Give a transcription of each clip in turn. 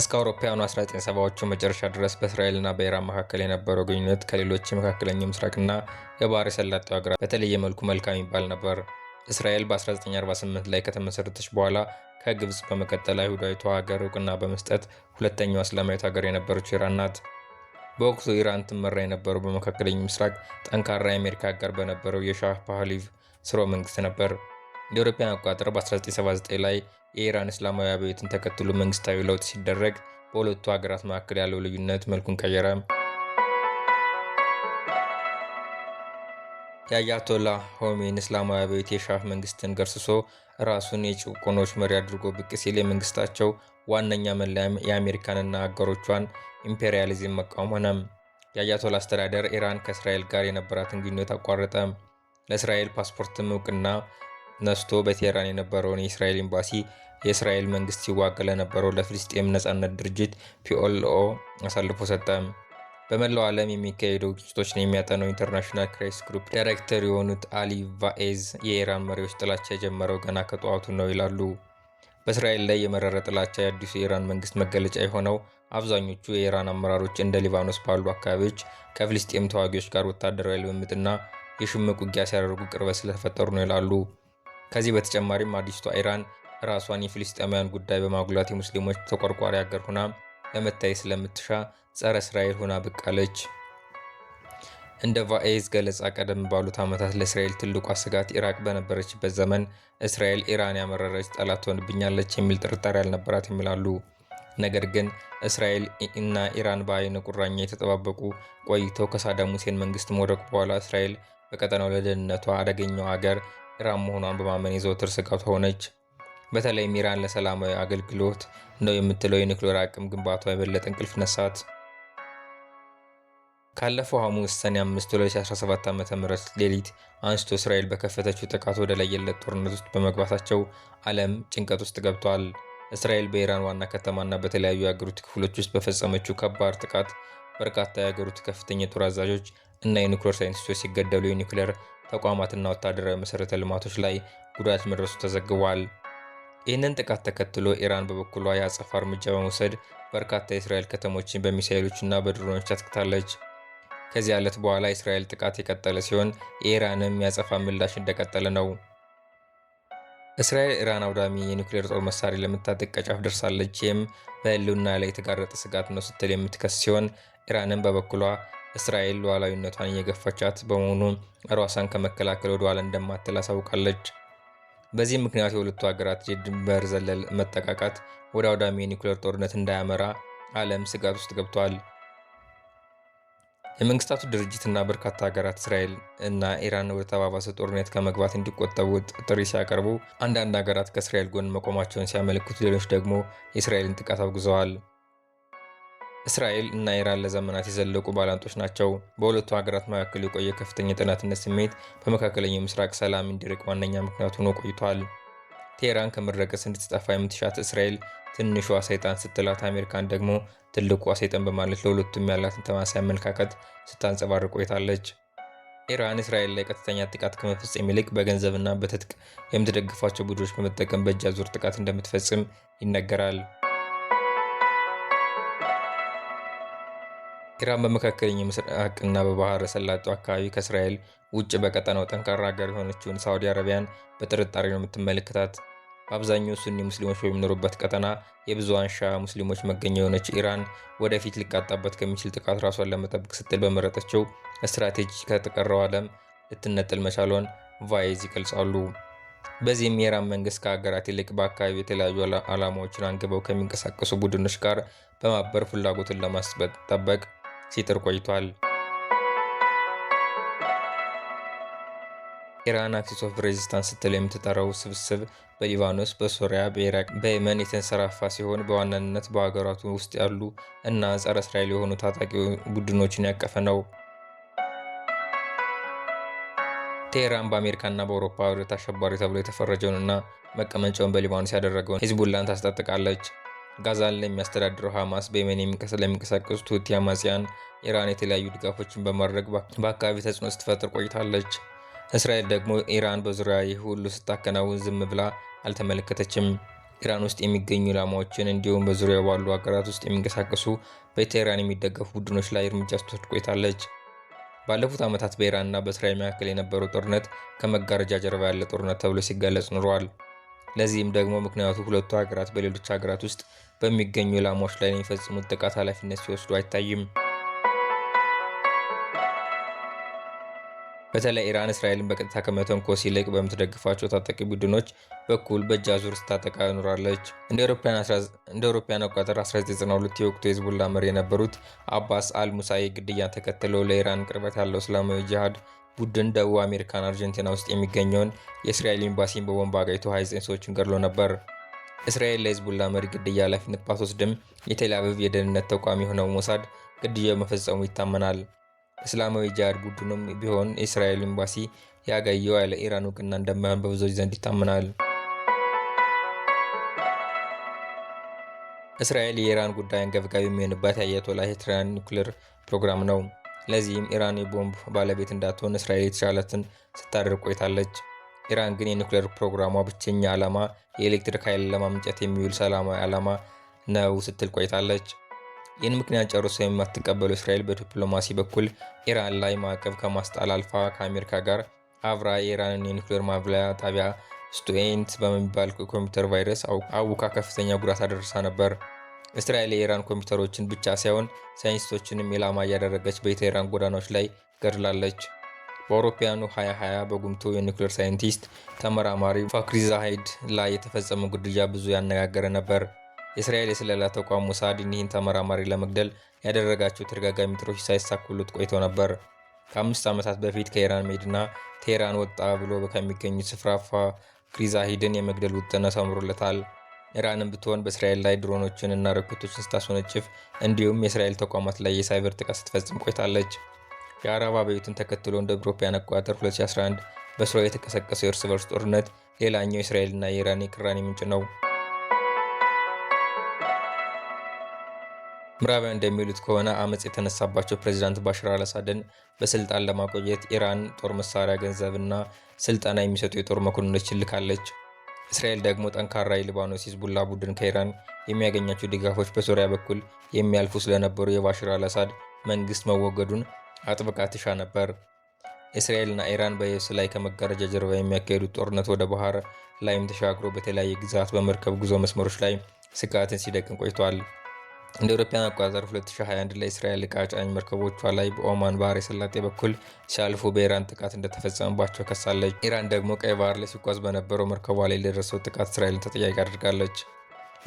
እስከ አውሮፓውያኑ 1970ዎቹ መጨረሻ ድረስ በእስራኤልና በኢራን መካከል የነበረው ግንኙነት ከሌሎች የመካከለኛው ምስራቅና የባህረ ሰላጤው ሀገራት በተለየ መልኩ መልካም ይባል ነበር። እስራኤል በ1948 ላይ ከተመሰረተች በኋላ ከግብፅ በመቀጠል አይሁዳዊቷ ሀገር እውቅና በመስጠት ሁለተኛዋ እስላማዊት ሀገር የነበረችው ኢራን ናት። በወቅቱ ኢራን ትመራ የነበረው በመካከለኛው ምስራቅ ጠንካራ የአሜሪካ አጋር በነበረው የሻህ ፓህሊቭ ስርወ መንግስት ነበር። እንደ አውሮፓውያን አቆጣጠር በ1979 ላይ የኢራን እስላማዊ አብዮትን ተከትሎ መንግስታዊ ለውጥ ሲደረግ በሁለቱ ሀገራት መካከል ያለው ልዩነት መልኩን ቀየረ። የአያቶላ ሆሜን እስላማዊ አብዮት የሻህ መንግስትን ገርስሶ ራሱን የጭቆኖች መሪ አድርጎ ብቅ ሲል የመንግስታቸው ዋነኛ መለያም የአሜሪካንና አገሮቿን ኢምፔሪያሊዝም መቃወም ሆነ። የአያቶላ አስተዳደር ኢራን ከእስራኤል ጋር የነበራትን ግንኙነት አቋረጠ። ለእስራኤል ፓስፖርትም እውቅና ነስቶ በቴህራን የነበረውን የእስራኤል ኤምባሲ የእስራኤል መንግስት ሲዋጋ ለነበረው ለፍልስጤም ነጻነት ድርጅት ፒኤልኦ አሳልፎ ሰጠ። በመላው ዓለም የሚካሄዱ ግጭቶችን የሚያጠነው ኢንተርናሽናል ክራይስ ግሩፕ ዳይሬክተር የሆኑት አሊ ቫኤዝ የኢራን መሪዎች ጥላቻ የጀመረው ገና ከጠዋቱ ነው ይላሉ። በእስራኤል ላይ የመረረ ጥላቻ የአዲሱ የኢራን መንግስት መገለጫ የሆነው አብዛኞቹ የኢራን አመራሮች እንደ ሊባኖስ ባሉ አካባቢዎች ከፍልስጤም ተዋጊዎች ጋር ወታደራዊ ልምምጥና የሽምቅ ውጊያ ሲያደርጉ ቅርበት ስለተፈጠሩ ነው ይላሉ። ከዚህ በተጨማሪም አዲስቷ ኢራን ራሷን የፊልስጤማውያን ጉዳይ በማጉላት የሙስሊሞች ተቆርቋሪ ሀገር ሆና ለመታየት ስለምትሻ ጸረ እስራኤል ሆና ብቃለች እንደ ቫኤዝ ገለጻ ቀደም ባሉት ዓመታት ለእስራኤል ትልቋ ስጋት ኢራቅ በነበረችበት ዘመን እስራኤል ኢራን ያመረረች ጠላት ትሆንብኛለች የሚል ጥርጣሬ አልነበራት የሚላሉ። ነገር ግን እስራኤል እና ኢራን በአይነ ቁራኛ የተጠባበቁ ቆይተው ከሳዳም ሁሴን መንግስት መውደቅ በኋላ እስራኤል በቀጠናው ለደህንነቷ አደገኛው ሀገር ኢራን መሆኗን በማመን የዘወትር ስጋቷ ሆነች። በተለይም ኢራን ለሰላማዊ አገልግሎት ነው የምትለው የኒውክሌር አቅም ግንባቷ የበለጠ እንቅልፍ ነሳት። ካለፈው ሐሙስ ሰኔ 5 2017 ም ሌሊት አንስቶ እስራኤል በከፈተችው ጥቃት ወደ ለየለት ጦርነት ውስጥ በመግባታቸው ዓለም ጭንቀት ውስጥ ገብቷል። እስራኤል በኢራን ዋና ከተማና በተለያዩ የአገሪቱ ክፍሎች ውስጥ በፈጸመችው ከባድ ጥቃት በርካታ የአገሪቱ ከፍተኛ የጦር አዛዦች እና የኒውክሌር ሳይንቲስቶች ሲገደሉ የኒውክሌር ተቋማትና ወታደራዊ መሠረተ ልማቶች ላይ ጉዳት መድረሱ ተዘግቧል። ይህንን ጥቃት ተከትሎ ኢራን በበኩሏ የአጸፋ እርምጃ በመውሰድ በርካታ የእስራኤል ከተሞችን በሚሳይሎችና በድሮኖች ታጥቅታለች። ከዚህ ዕለት በኋላ የእስራኤል ጥቃት የቀጠለ ሲሆን የኢራንም የአጸፋ ምላሽ እንደቀጠለ ነው። እስራኤል ኢራን አውዳሚ የኒውክሌር ጦር መሳሪያ ለምታጠቅ ቀጫፍ ደርሳለች። ይህም በህልውና ላይ የተጋረጠ ስጋት ነው ስትል የምትከስ ሲሆን ኢራንም በበኩሏ እስራኤል ሉዓላዊነቷን እየገፋቻት በመሆኑ ራሷን ከመከላከል ወደ ኋላ እንደማትል አሳውቃለች። በዚህ ምክንያት የሁለቱ ሀገራት የድንበር ዘለል መጠቃቃት ወደ አውዳሚ የኒውክሌር ጦርነት እንዳያመራ ዓለም ስጋት ውስጥ ገብቷል። የመንግስታቱ ድርጅት እና በርካታ ሀገራት እስራኤል እና ኢራን ወደ ተባባሰ ጦርነት ከመግባት እንዲቆጠቡ ጥሪ ሲያቀርቡ፣ አንዳንድ ሀገራት ከእስራኤል ጎን መቆማቸውን ሲያመለክቱ፣ ሌሎች ደግሞ የእስራኤልን ጥቃት አውግዘዋል። እስራኤል እና ኢራን ለዘመናት የዘለቁ ባላንጦች ናቸው። በሁለቱ ሀገራት መካከል የቆየ ከፍተኛ የጠላትነት ስሜት በመካከለኛው ምስራቅ ሰላም እንዲርቅ ዋነኛ ምክንያት ሆኖ ቆይቷል። ቴህራን ከምድረ ገጽ እንድትጠፋ የምትሻት እስራኤል ትንሿ ሰይጣን ስትላት፣ አሜሪካን ደግሞ ትልቋ ሰይጣን በማለት ለሁለቱም ያላትን ተማሳይ አመለካከት ስታንጸባርቅ ቆይታለች። ኢራን እስራኤል ላይ ቀጥተኛ ጥቃት ከመፈጸም ይልቅ በገንዘብና በትጥቅ የምትደግፏቸው ቡድኖች በመጠቀም በእጅ አዙር ጥቃት እንደምትፈጽም ይነገራል። ኢራን በመካከለኛው ምስራቅና በባህረ ሰላጤው አካባቢ ከእስራኤል ውጭ በቀጠናው ጠንካራ ሀገር የሆነችውን ሳዑዲ አረቢያን በጥርጣሬ ነው የምትመለከታት። በአብዛኛው ሱኒ ሙስሊሞች በሚኖሩበት ቀጠና የብዙሃን ሺዓ ሙስሊሞች መገኛ የሆነች ኢራን ወደፊት ሊቃጣበት ከሚችል ጥቃት ራሷን ለመጠበቅ ስትል በመረጠችው ስትራቴጂ ከተቀረው ዓለም ልትነጥል መቻሏን ቫይዝ ይገልጻሉ። በዚህም የኢራን መንግስት ከሀገራት ይልቅ በአካባቢ የተለያዩ ዓላማዎችን አንግበው ከሚንቀሳቀሱ ቡድኖች ጋር በማበር ፍላጎትን ለማስጠበቅ ሲጥር ቆይቷል። ኢራን አክሲስ ኦፍ ሬዚስታንስ ስትል የምትጠራው ስብስብ በሊባኖስ፣ በሶሪያ፣ በኢራቅ፣ በየመን የተንሰራፋ ሲሆን በዋናነት በሀገራቱ ውስጥ ያሉ እና ጸረ እስራኤል የሆኑ ታጣቂ ቡድኖችን ያቀፈ ነው። ቴህራን በአሜሪካና በአውሮፓ አሸባሪ ተብሎ የተፈረጀውንና መቀመጫውን በሊባኖስ ያደረገውን ሂዝቡላን ታስጠጥቃለች። ጋዛን ለሚያስተዳድረው ሐማስ በየመን ለሚንቀሳቀሱት ሁቲ አማጽያን ኢራን የተለያዩ ድጋፎችን በማድረግ በአካባቢ ተጽዕኖ ስትፈጥር ቆይታለች። እስራኤል ደግሞ ኢራን በዙሪያ ይህ ሁሉ ስታከናውን ዝም ብላ አልተመለከተችም። ኢራን ውስጥ የሚገኙ ኢላማዎችን እንዲሁም በዙሪያ ባሉ ሀገራት ውስጥ የሚንቀሳቀሱ በቴህራን የሚደገፉ ቡድኖች ላይ እርምጃ ስትወስድ ቆይታለች። ባለፉት ዓመታት በኢራንና በእስራኤል መካከል የነበረው ጦርነት ከመጋረጃ ጀርባ ያለ ጦርነት ተብሎ ሲገለጽ ኑሯል። ለዚህም ደግሞ ምክንያቱ ሁለቱ ሀገራት በሌሎች ሀገራት ውስጥ በሚገኙ ኢላማዎች ላይ የሚፈጽሙት ጥቃት ኃላፊነት ሲወስዱ አይታይም። በተለይ ኢራን እስራኤልን በቀጥታ ከመተንኮስ ይልቅ በምትደግፋቸው ታጠቂ ቡድኖች በኩል በእጅ አዙር ስታጠቃ ኖራለች። እንደ አውሮፓውያን አቆጣጠር 1992 የወቅቱ የህዝቡላ መሪ የነበሩት አባስ አልሙሳይ ግድያ ተከትሎ ለኢራን ቅርበት ያለው እስላማዊ ጂሃድ ቡድን ደቡብ አሜሪካን አርጀንቲና ውስጥ የሚገኘውን የእስራኤል ኤምባሲን በቦምብ አጋይቶ 29 ሰዎችን ገድሎ ነበር። እስራኤል ለሂዝቡላ መሪ ግድያ ኃላፊነት ባትወስድም የቴል አቪቭ የደህንነት ተቋም የሆነው ሞሳድ ግድያው መፈጸሙ ይታመናል። እስላማዊ ጂሃድ ቡድኑም ቢሆን የእስራኤል ኤምባሲ ያጋየው ያለ ኢራን እውቅና እንደማይሆን በብዙዎች ዘንድ ይታመናል። እስራኤል የኢራን ጉዳይ አንገብጋቢ የሚሆንባት የአያቶላህ የኢራን ኒውክሌር ፕሮግራም ነው። ለዚህም ኢራን የቦምብ ባለቤት እንዳትሆን እስራኤል የተቻላትን ስታደርግ ቆይታለች። ኢራን ግን የኒውክሌር ፕሮግራሟ ብቸኛ ዓላማ የኤሌክትሪክ ኃይል ለማምንጨት የሚውል ሰላማዊ ዓላማ ነው ስትል ቆይታለች። ይህን ምክንያት ጨርሶ የማትቀበለው እስራኤል በዲፕሎማሲ በኩል ኢራን ላይ ማዕቀብ ከማስጣል አልፋ ከአሜሪካ ጋር አብራ የኢራንን የኒውክሌር ማብላያ ጣቢያ ስቱኤንት በሚባል ኮምፒውተር ቫይረስ አውካ ከፍተኛ ጉዳት አደርሳ ነበር። እስራኤል የኢራን ኮምፒውተሮችን ብቻ ሳይሆን ሳይንቲስቶችንም ኢላማ እያደረገች በቴህራን ጎዳናዎች ላይ ገድላለች። በአውሮፓውያኑ 2020 በጉምቱ የኒውክሌር ሳይንቲስት ተመራማሪ ፋክሪ ላይ የተፈጸመው ግድያ ብዙ ያነጋገረ ነበር። የእስራኤል የስለላ ተቋም ሙሳድ እኒህን ተመራማሪ ለመግደል ያደረጋቸው ተደጋጋሚ ጥሮች ሳይሳኩሉት ቆይቶ ነበር። ከአምስት ዓመታት በፊት ከኢራን መዲና ቴህራን ወጣ ብሎ ከሚገኙት ስፍራ ፋክሪ የመግደል ውጥን ሰምሮለታል። ኢራንም ብትሆን በእስራኤል ላይ ድሮኖችን እና ሮኬቶችን ስታስወነጭፍ እንዲሁም የእስራኤል ተቋማት ላይ የሳይበር ጥቃት ስትፈጽም ቆይታለች። የአረብ አብዮትን ተከትሎ እንደ አውሮፓውያን አቆጣጠር 2011 በስራ የተቀሰቀሰው የእርስ በርስ ጦርነት ሌላኛው የእስራኤልና የኢራን የቅራኔ ምንጭ ነው። ምዕራባውያን እንደሚሉት ከሆነ አመፅ የተነሳባቸው ፕሬዚዳንት ባሽር አልአሳድን በስልጣን ለማቆየት ኢራን ጦር መሳሪያ፣ ገንዘብ እና ስልጠና የሚሰጡ የጦር መኮንኖች ይልካለች። እስራኤል ደግሞ ጠንካራ የሊባኖስ ሂዝቡላ ቡድን ከኢራን የሚያገኛቸው ድጋፎች በሶሪያ በኩል የሚያልፉ ስለነበሩ የባሽር አልአሳድ መንግስት መወገዱን አጥብቃ ትሻ ነበር። እስራኤልና ኢራን በየብስ ላይ ከመጋረጃ ጀርባ የሚያካሄዱት ጦርነት ወደ ባህር ላይም ተሻግሮ በተለያየ ግዛት በመርከብ ጉዞ መስመሮች ላይ ስጋትን ሲደቅን ቆይቷል። እንደ አውሮፓውያን አቆጣጠር 2021 ላይ እስራኤል ቃጫኝ ጫኝ መርከቦቿ ላይ በኦማን ባህረ ሰላጤ በኩል ሲያልፉ በኢራን ጥቃት እንደተፈጸመባቸው ከሳለች። ኢራን ደግሞ ቀይ ባህር ላይ ሲጓዝ በነበረው መርከቧ ላይ ለደረሰው ጥቃት እስራኤልን ተጠያቂ አድርጋለች።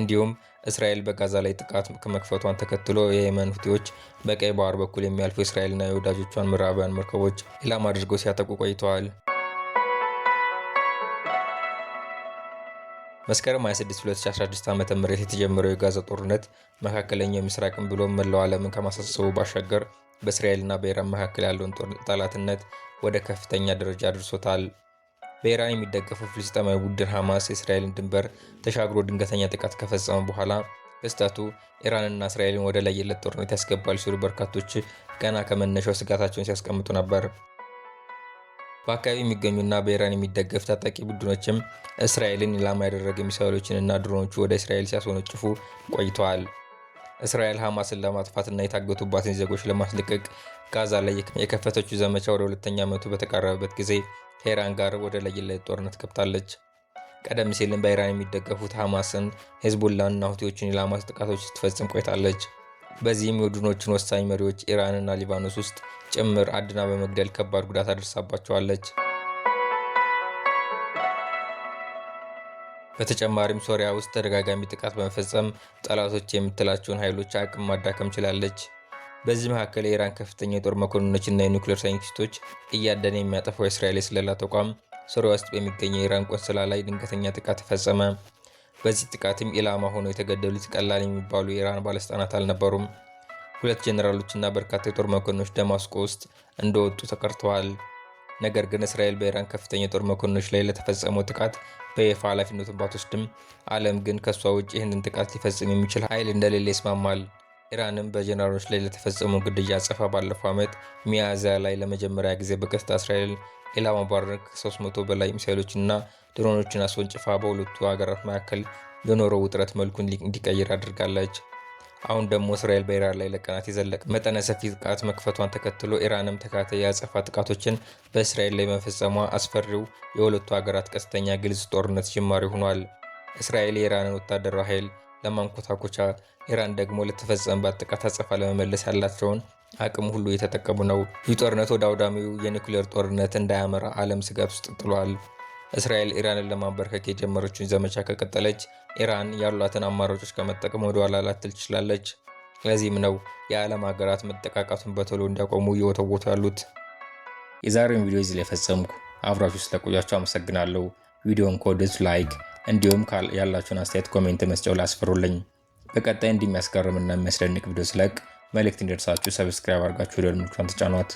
እንዲሁም እስራኤል በጋዛ ላይ ጥቃት ከመክፈቷን ተከትሎ የየመን ሁቲዎች በቀይ ባህር በኩል የሚያልፉ እስራኤልና የወዳጆቿን ምዕራባውያን መርከቦች ኢላማ አድርገው ሲያጠቁ ቆይተዋል። መስከረም 26 2016 ዓ ም የተጀመረው የጋዛ ጦርነት መካከለኛው ምስራቅን ብሎም መላው ዓለምን ከማሳሰቡ ባሻገር በእስራኤልና በኢራን መካከል ያለውን ጠላትነት ወደ ከፍተኛ ደረጃ አድርሶታል። በኢራን የሚደገፈው ፍልስጤማዊ ቡድን ሐማስ የእስራኤልን ድንበር ተሻግሮ ድንገተኛ ጥቃት ከፈጸመ በኋላ ክስተቱ ኢራንና እስራኤልን ወደ ለየለት ጦርነት ያስገባል ሲሉ በርካቶች ገና ከመነሻው ስጋታቸውን ሲያስቀምጡ ነበር። በአካባቢ የሚገኙና በኢራን የሚደገፍ ታጣቂ ቡድኖችም እስራኤልን ኢላማ ያደረገ ሚሳይሎችንና ድሮኖቹ ወደ እስራኤል ሲያስወነጭፉ ቆይተዋል። እስራኤል ሐማስን ለማጥፋትና የታገቱባትን ዜጎች ለማስለቀቅ ጋዛ ላይ የከፈተችው ዘመቻ ወደ ሁለተኛ ዓመቱ በተቃረበበት ጊዜ ከኢራን ጋር ወደ ለየለት ጦርነት ገብታለች። ቀደም ሲልም በኢራን የሚደገፉት ሐማስን፣ ሄዝቦላንና ሁቲዎችን ኢላማ ጥቃቶች ስትፈጽም ቆይታለች። በዚህም የቡድኖቹን ወሳኝ መሪዎች ኢራንና ሊባኖስ ውስጥ ጭምር አድና በመግደል ከባድ ጉዳት አደርሳባቸዋለች። በተጨማሪም ሶሪያ ውስጥ ተደጋጋሚ ጥቃት በመፈጸም ጠላቶች የምትላቸውን ኃይሎች አቅም ማዳከም ችላለች። በዚህ መካከል የኢራን ከፍተኛ የጦር እና የኒውክሌር ሳይንቲስቶች እያደነ የሚያጠፋው የእስራኤል የስለላ ተቋም ሶሪያ ውስጥ በሚገኘ የኢራን ቆንስላ ላይ ድንገተኛ ጥቃት ተፈጸመ። በዚህ ጥቃትም ኢላማ ሆነው የተገደሉት ቀላል የሚባሉ የኢራን ባለስልጣናት አልነበሩም። ሁለት ጀነራሎችና በርካታ የጦር መኮንኖች ደማስቆ ውስጥ እንደወጡ ተቀርተዋል። ነገር ግን እስራኤል በኢራን ከፍተኛ የጦር መኮንኖች ላይ ለተፈጸመው ጥቃት በይፋ ኃላፊነቱን ባትወስድም ዓለም ግን ከእሷ ውጭ ይህንን ጥቃት ሊፈጽም የሚችል ኃይል እንደሌለ ይስማማል። ኢራንም በጀነራሎች ላይ ለተፈጸመው ግድያ አጸፋ ባለፈው ዓመት ሚያዝያ ላይ ለመጀመሪያ ጊዜ በቀስታ እስራኤል ኢላማ ከ 300 በላይ ሚሳይሎችና ድሮኖችን አስወንጭፋ በሁለቱ ሀገራት መካከል የኖረው ውጥረት መልኩን እንዲቀይር አድርጋለች። አሁን ደግሞ እስራኤል በኢራን ላይ ለቀናት የዘለቀ መጠነ ሰፊ ጥቃት መክፈቷን ተከትሎ ኢራንም ተካታይ የአጸፋ ጥቃቶችን በእስራኤል ላይ መፈጸሟ አስፈሪው የሁለቱ ሀገራት ቀጥተኛ ግልጽ ጦርነት ጅማሪ ሆኗል። እስራኤል የኢራንን ወታደራዊ ኃይል ለማንኮታኮቻ፣ ኢራን ደግሞ ለተፈጸመባት ጥቃት አጸፋ ለመመለስ ያላቸውን አቅም ሁሉ እየተጠቀሙ ነው። ይህ ጦርነት ወደ አውዳሚው የኒውክሌር ጦርነት እንዳያመራ ዓለም ስጋት ውስጥ ጥሏል። እስራኤል ኢራንን ለማንበርከክ የጀመረችውን ዘመቻ ከቀጠለች ኢራን ያሏትን አማራጮች ከመጠቀም ወደ ኋላ ላትል ትችላለች። ለዚህም ነው የዓለም ሀገራት መጠቃቃቱን በቶሎ እንዲያቆሙ እየወተወቱ ያሉት። የዛሬውን ቪዲዮ እዚህ ላይ ፈጸምኩ። አብራችሁ ስለቆያችሁ አመሰግናለሁ። ቪዲዮን ከወደቱ ላይክ፣ እንዲሁም ያላችሁን አስተያየት ኮሜንት መስጫው ላይ አስፍሩልኝ። በቀጣይ እንደሚያስገርምና የሚያስደንቅ ቪዲዮ ስለቅ መልእክት እንዲደርሳችሁ ሰብስክራይብ አድርጋችሁ ደልምቿን ተጫኗት።